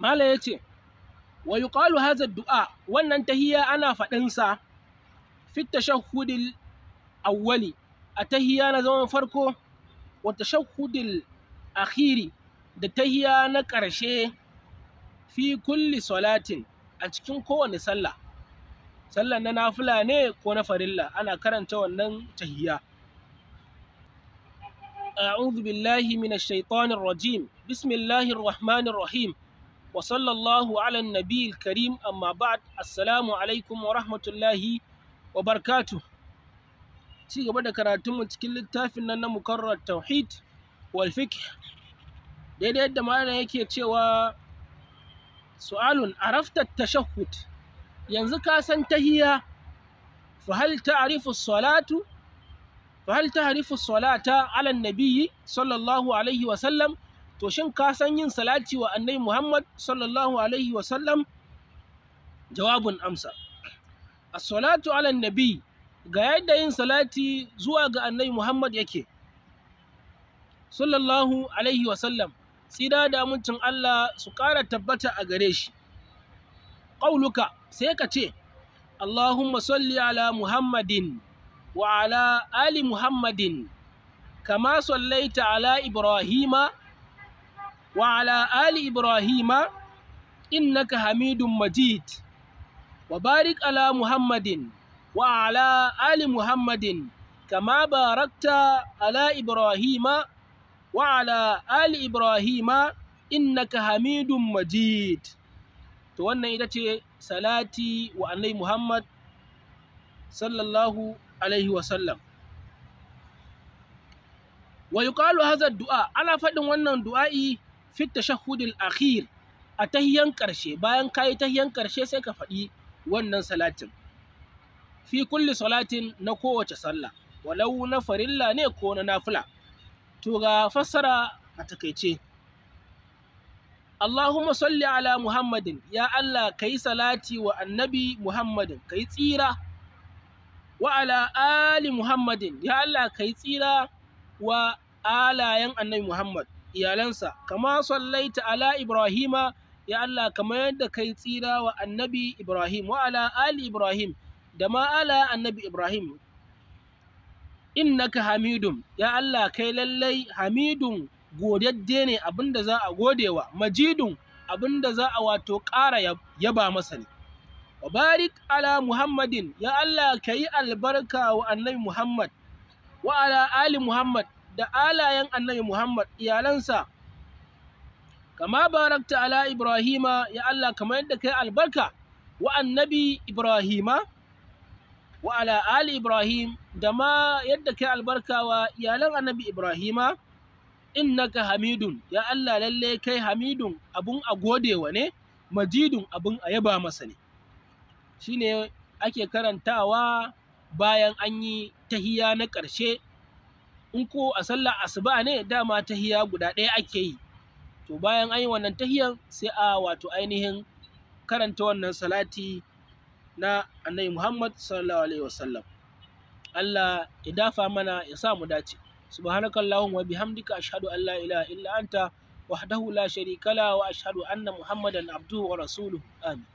mala ya ce wa yuqalu hadha du'a wannan tahiyya ana faɗinsa fi tashahhudil awwali a tahiyya na zaman farko wa tashahhudil akhiri da tahiyya na ƙarshe fi kulli salatin a cikin kowane sallah sallan na nafila ne ko na farilla ana karanta wannan tahiyya أعوذ بالله من الشيطان الرجيم بسم الله الرحمن الرحيم wa sallallahu ala nabi karim amma ba'd assalamu alaikum wa rahmatullahi wa barkatu ci gaba da karatunmu cikin littafin nan na mukarrar tauhid wal fiqh daidai yadda malam yake cewa su'alun arafta tashahhud yanzu ka san tahiyya fa hal ta'rifu salatu فهل تعرف الصلاة على النبي صلى الله to shin ka san yin salati wa annabi Muhammad sallallahu alaihi wa sallam jawabun amsa as-salatu ala nabi ga yadda yin salati zuwa ga annabi Muhammad yake sallallahu alaihi wa sallam tsira da amincin Allah su ƙara tabbata a gare shi qauluka sai ka ce Allahumma salli ala Muhammadin wa ala ali Muhammadin kama sallaita ala Ibrahima وعلى آل إبراهيم إنك حميد مجيد وبارك على محمد وعلى آل محمد كما باركت على إبراهيم وعلى آل إبراهيم إنك حميد مجيد to wannan ita ce salati wa annai muhammad sallallahu alaihi wasallam wa du'a ana faɗin wannan du'a'i fi tashahhudil akhir a tahiyan karshe bayan kayi tahiyan karshe sai ka faɗi wannan salatin fi kulli salatin na kowace sallah walau na farilla ne ko na nafila to ga fassara a takaice Allahumma salli ala Muhammadin ya Allah kai salati wa annabi Muhammadin kai tsira wa ala ali Muhammadin ya Allah kai tsira wa alayen annabi Muhammad iyalansa kama sallaita ala ibrahima ya Allah kama yadda kai tsira wa annabi ibrahim wa ala ali ibrahim da ma ala annabi ibrahim innaka hamidum ya Allah kai lallai hamidun godadde ne abinda za a godewa majidun abinda za a wato ƙara yaba masa ne wa barik ala muhammadin ya Allah kai albarka wa annabi muhammad wa ala ali muhammad da alayen annabi Muhammad iyalansa kama barakta ala Ibrahima ya Allah kamar yadda kai albarka wa annabi Ibrahima wa ala ali Ibrahim da ma yadda kai albarka wa iyalan annabi Ibrahima innaka hamidun ya Allah lalle kai hamidun abun a godewa ne majidun abun a yaba masa ne shine ake karantawa bayan an yi tahiya na ƙarshe in ko a sallar asuba ne dama tahiya guda ɗaya ake yi to bayan an yi wannan tahiyan sai a wato ainihin karanta wannan salati na annabi Muhammad sallallahu alaihi wasallam Allah ya dafa mana ya sa mu dace subhanakallahu wa bihamdika ashhadu an la ilaha illa anta wahdahu la sharika la wa ashhadu anna muhammadan abduhu wa rasuluhu amin